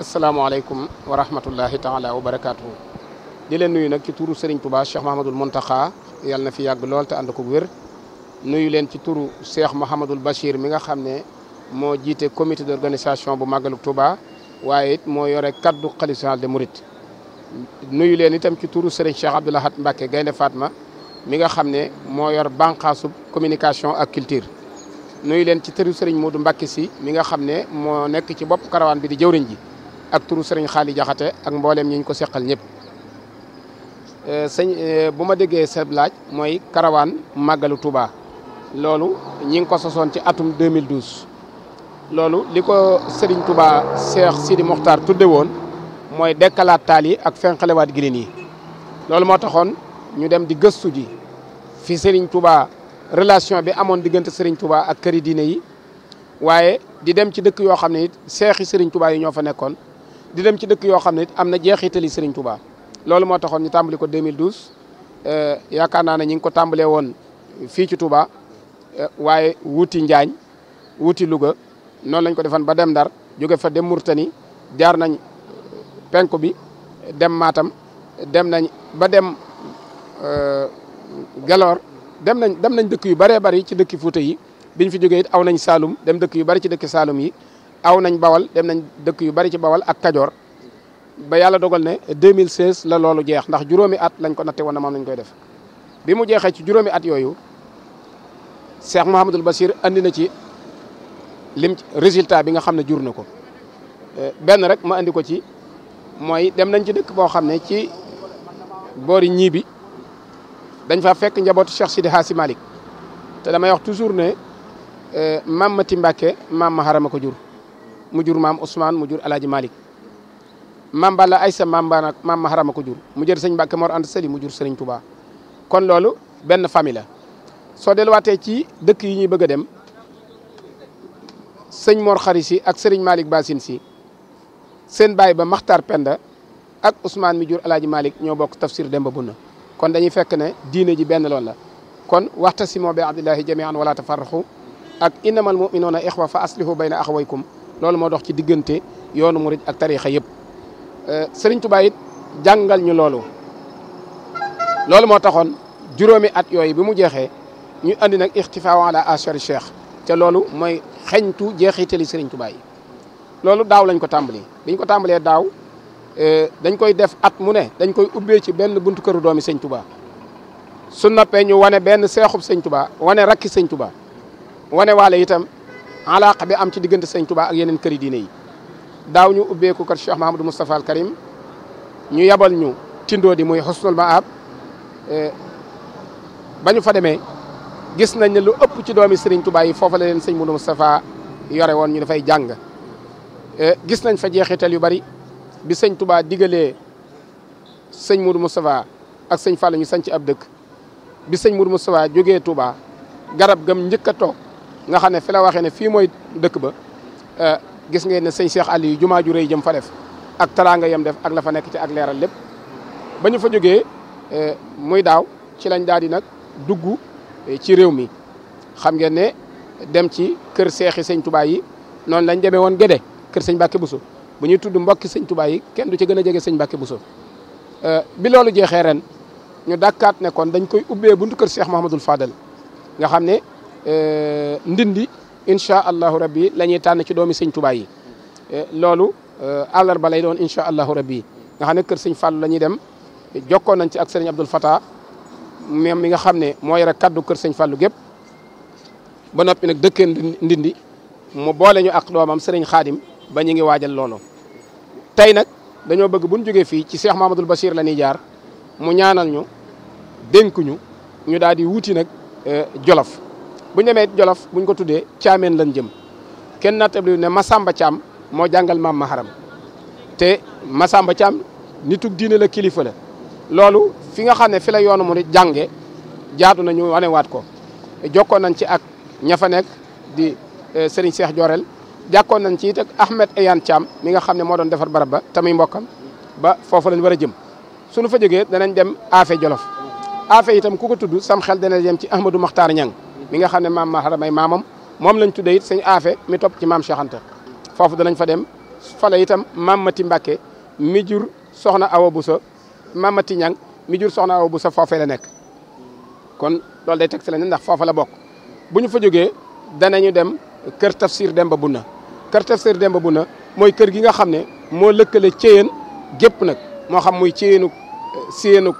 السلام عليكم ورحمة الله تعالى وبركاته. دلنا نيو نك تورو سرين توبا الشيخ محمد المنتخا يالنا في يقلول تاندكو غير نيو لين تورو الشيخ محمد البشير ميغا خامني مو جيتي كوميتي دورغانيساسيون بو ماغل توبا وايت مو يوري كادو خليسال دي موريت نيو لين تام تي تورو سرين الشيخ عبد الله مباكي غاينه فاطمه ميغا خامني مو يور بانخاسو كومونيكاسيون اك كولتور نيو لين تي تورو سرين مودو مباكي سي ميغا خامني مو نيك تي بوب كاروان بي دي جورنجي ak turu sëriñ xaali jaxate ak mbooleem ñi ñu ko seqal ñëpp euh, sëñ euh, bu ma déggee sa laaj mooy karawaan màggalu Touba loolu ñi ngi ko sosoon ci atum 2012 loolu li ko sëriñ Touba Cheikh Sidi Mokhtar tudde woon mooy dekkalaat taal yi ak fenqalewaat gilin yi loolu moo taxoon ñu dem di gëstu di fi sëriñ Touba relation bi amoon diggante sëriñ Touba ak këri diine yi waaye di dem ci dëkk yoo xam ne it seexi sëriñ Touba yi ñoo fa nekkoon di dem ci dëkk yoo xam ne am na jeexitali Serigne Touba loolu moo taxoon ñu tàmbali ko 2012 euh, yaakaar naa ne ñi ngi ko tàmbalee woon fii ci Touba euh, waaye wuuti Njaañ wuuti Louga noonu lañ ko defan ba dem Ndar jóge fa dem Murtani jaar nañ penku bi dem maatam dem nañ ba dem euh, Gelor dem nañ dem nañ dëkk yu bëree bëri ci dëkki Fuuta yi biñ fi jógee it aw nañ Saalum dem dëkk yu bëri ci dëkki Saalum yi aw nañ bawal dem nañ dëkk yu bari ci bawal ak kajoor ba yàlla dogal ne 2016 la loolu jeex ndax juróomi at lañ ko natte woon na moom lañ koy def bi mu jeexee ci juróomi at yooyu Cheikh Mouhamadul Bachir andi na ci lim résultat bi nga xam ne jur na ko benn rek ma andi ko ci mooy dem nañ ci dëkk boo xam ne ci boori ñiibi dañ fa fekk njabootu Cheikh Sidi Hassi Malick te damay wax toujours ne euh, maam Mati Mbacke maam ma xarama ko jur mu jur maam Ousmane mu jur alaaji Malick maam Balla Aysa maam Bana maam Maharama ko jur mu jër sëñ Mbàkke Mor Anta Sali mu jur sëriñ Touba kon loolu benn famille la soo delluwaatee ci dëkk yi ñuy bëgg a dem sëñ moor Xari si ak sëriñ Malick Basin si seen baay ba Maxtaar Penda ak Ousmane mi jur alaaji Malick ñoo bokk tafsir Demba Bunna kon dañuy fekk ne diine ji benn loolu la kon waxtasimoo bi abdillahi jamian wala tafarraxu ak innamal muminuuna ixwa fa aslihu bayna axawaykum loolu moo dox ci diggante yoonu mu murid ak tariixa yëpp euh, Sëriñ Tuubaa it jàngal ñu loolu loolu moo taxoon juróomi at yooyu bi mu jeexee ñu andi nag ixtifaa ala asari cheikh te loolu mooy xeñtu jeexitali Sëriñ Tuubaa yi loolu daaw lañ ko tàmbali biñ ko tàmbalee daaw euh, dañ koy def at mu ne dañ koy ubbee ci benn buntu kër doomi Sëñ Tuubaa su noppee ñu wane benn seexub Sëñ Tuubaa wane rakki Sëñ Tuubaa wane waale itam alaaq bi am ci diggante sëñ Tuubaa ak yeneen këri diine yi daaw ñu ubbeeku kat Cheikh Mahamadou Moustapha al Karim ñu yabal ñu tindoo di muy xusnul maab eh, ba ñu fa demee gis nañ ne lu ëpp ci doomi Serigne Touba yi foofa la leen sëñ Moudou Moustapha yore woon ñu dafay jàng eh, gis nañ fa jeexital yu bari bi sëñ Touba digalee sëñ Moudou Moustapha ak sëñ Fallou ñu sanc ab dëkk bi sëñ Moudou Moustapha jógee Touba garab gam njëkk a toog nga xam ne fi la waxee ne fii mooy dëkk ba euh, gis ngeen ne sëñ Cheikh Aliou jumaa ju rëy jëm fa def ak taraanga yem def ak la fa nekk ci ak leeral lépp ba ñu fa jógee euh, muy daaw ci lañ daal di nag dugg euh, ci réew mi xam ngeen ne dem ci kër seexi sëñ Touba yi noonu lañ demee woon Gédé kër sëñ Mbacke Bousso bu ñuy tudd mbokki sëñ Touba yi kenn du ci gën a jege sëñ Mbacke Bousso bi loolu jeexee ren ñu dàkkaat ne kon dañ koy ubbee buntu kër Cheikh Mouhamadul Fadal nga xam ne Euh, ndindi incha allahu rabbi la ñuy tànn ci doomi sëñ Tuubaa yi euh, loolu euh, àllarba lay doon incha allahu rabbi nga xam ne kër sëñ Fallou la ñuy dem jokkoon nañ ci ak sëriñ Abdul Fatah même mi nga xam ne moo yore kaddu kër sëñ Fallou gépp ba noppi nag dëkkeen ndindi mu boole ñu ak doomam sëriñ Xaadim ba ñu ngi waajal loolu tey nag dañoo bëgg bu ñu jógee fii ci Cheikh Mamadou Bachir la ñuy jaar mu ñaanal ñu dénkuñu ñu daal di wuti nag Jolof bu ñu Jolof bu ñu ko tuddee caameen lañ jëm kenn nattable ne Masamba Caam moo jàngal maam Maharam te Masamba Caam nitug diine la kilifa la loolu fi nga xam ne fi la yoonu mu jànge jaatu nañu wanewaat ko jokkoon nañ ci ak ña fa nekk di eh, Serigne Cheikh Jorel jàkkoon nañ ci it ak Ahmed Eyane Thiam mi nga xam ne moo doon defar barab ba tamit mbokkam ba foofu lañ war a jëm suñu fa jógee danañ dem Afe Jolof Afe itam ku ko tudd sam xel dana dem ci Ahmadou Makhtar Niang mi nga xam ne maam Mahara may maamam moom lañ tuddee it sëñ aafe mi topp ci maam Cheikh Anta foofu danañ fa dem fale itam maam Mati Mbàkke mi jur soxna Awa Boussa maam Mati Ñang mi jur soxna Awa Boussa foofee la nekk kon loolu day teg si la ne ndax foofa la bokk bu ñu fa jógee danañu dem kër tafsir Demba Buna kër tafsir Demba Buna mooy kër gi nga xam ne moo lëkkale Ceyeen gépp nag moo xam muy Ceyeenug Siyeenug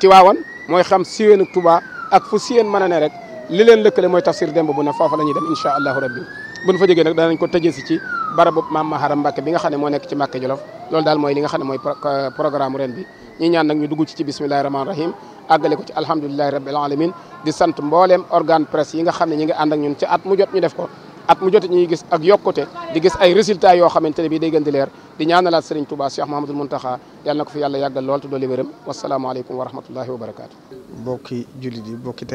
Tiwaawan mooy xam Siyeenug Tuba ak fu Siyeen mën a ne rek li leen lëkkale mooy tafsir demb bu ne foofa la ñuy dem incha allahu rabbi buñ fa jógee nag danañ ko tëjee si ci barabu maam Maharam Mbacke bi nga xam ne moo nekk ci Mbacke Jolof loolu daal mooy li nga xam ne mooy euh, programme bi ñi ñaan nag ñu ci bismillahi rahmaani rahim àggale ko ci alhamdulilahi rabbil alamin di sant mbooleem organe presse yi nga xam ne ñi ngi ànd ñun ci at mu ñu def ko at mu jot ñuy gis ak yokkute di gis ay résultats yoo xamante ne bii day gën leer di ñaanalaat Serigne Touba Cheikh Mahamadul Muntaxa yàlla na ko fi yàlla te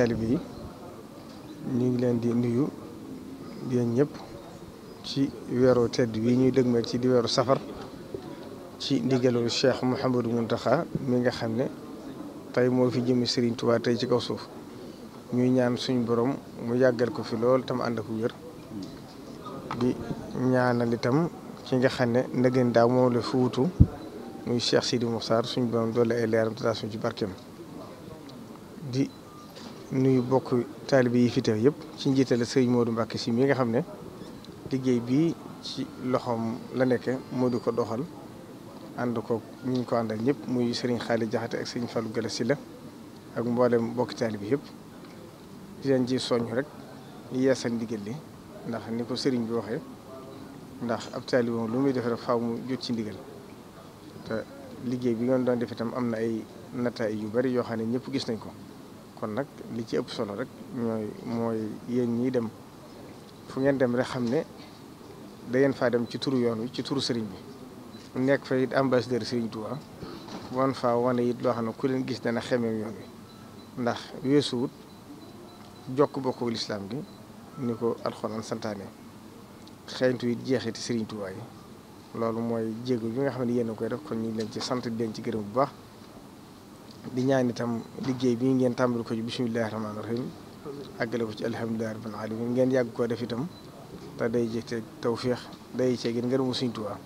doole ñu ngi leen di nuyu yéen ñëpp ci weeru tedd wi ñuy dëgmal ci di weeru safar ci ndigalu Cheikh Mouhamadou Mountakha mi nga xam ne tey moo fi jëmi sëriñ Touba tey ci kaw suuf ñuy ñaan suñu boroom mu yàggal ko fi lool tam ànd ak wér di ñaanal itam ki nga xam ne ndegeen daaw moom la fi wutu muy Cheikh Sidi Moukhtar suñu borom doole ay leeram te ci barkeem di. nuyu bokk taalibe yi fi teew yëpp ci njiitale sëriñ Modou Mbacké si mi nga xam ne liggéey bii ci loxom la nekk moo di ko doxal ànd ko ñu ko àndal ñëpp muy sëriñ Xaali Jaxate ak sëriñ Fallou Gala Sylla ak mboolem bokk taalibe yëpp di leen ji soññ rek ñu yeesal ndigal li ndax ni ko sëriñ bi waxee ndax ab taalibe moom lu muy def rek faaw mu jot ci ndigal te liggéey bi ngeen doon def itam am na ay nataay yu bari yoo xam ne ñëpp gis nañ ko. kon nag li ci ëpp solo rek ñooy mooy yéen ñiy dem fu ngeen dem rek xam ne da faa dem ci turu yoon wi ci turu sëriñ bi mu nekk fa it ambassadeur sëriñ Touba wan faa wane it loo xam ne ku leen gis dana xemeem yoon wi ndax weesuwut jokk bokku lislaam gi ni ko alxuraan santaane xeeñtu it jeexiti sëriñ Touba yi loolu mooy jéego bi nga xam ne yéen a koy def kon ñu leen ci sant di leen ci gërëm bu baax di ñaan itam liggéey bi ngeen tàmbali ko ci bisimilahi rahmaani rahim àggale ko ci alhamdulilahi rabbil alamin ngeen yàgg koo def itam te day jëte tawféex day cee gën ngërëmu Sëriñ Tuubaa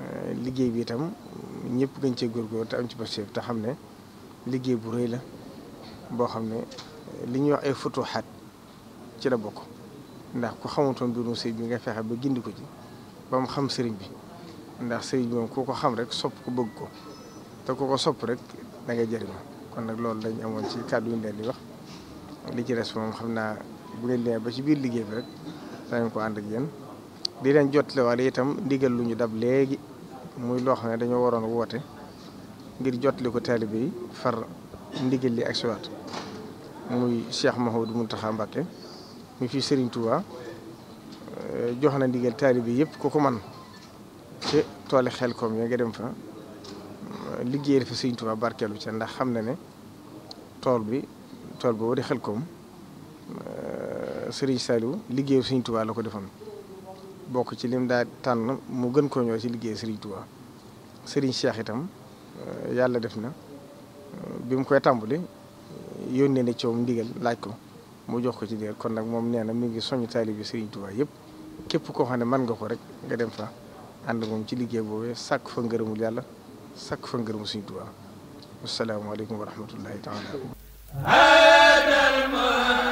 eh, liggéey bi itam ñëpp gën cee góorgóor te am ci pastéef te xam ne liggéey bu rëy la boo xam ne li ñuy wax ay futuxaat ci la bokk ndax ku xamutoon mbirum sëriñ bi nga fexe ba gindi ko ci ba xam sëriñ bi ndax sëriñ bi moom ku ko xam rek sopp ko bëgg ko te ku da ngay jëriñoo kon nag loolu dañu amoon ci kàddu yu ñu leen wax li ci des moom xam naa bu ngeen demee ba ci biir liggéey bi rek danañ ko ànd ak yéen di leen jotle wala itam ndigal lu ñu dab léegi muy loo xam ne dañoo waroon woote ngir jotle ko taalibe yi far ndigal li ak siwaat muy Cheikh Mouhamadou Mountakha Mbacké mu fi Serigne Touba eh, jox na ndigal taalibe yëpp ku ko man ci tooli xel koom ya nga dem fa liggéey fi Sëriñ Tuubaa barkeelu ca ndax xam na ne tool bi tool bi wari xel koom euh, Sëriñ Saliou liggéeyal Sëriñ Tuubaa la ko defoon bokk ci lim daa tànn mu gën koo ñëw ci liggéey Sëriñ Tuubaa Sëriñ Cheikh itam euh, yàlla def na euh, bi mu koy tàmbali yónnee na coom ndigal laaj ko mu jox ko ci digal kon nag moom nee na mi ngi soñu taalibe Sëriñ Tuubaa yëpp képp koo xam ne mën nga ko rek nga dem fa ànd moom ci liggéey boobee sàkk fa ngërëmul yàlla sakk fa ngërëmu Sëriñ Tuubaa wassalaamu aleykum wa rahmatullahi taala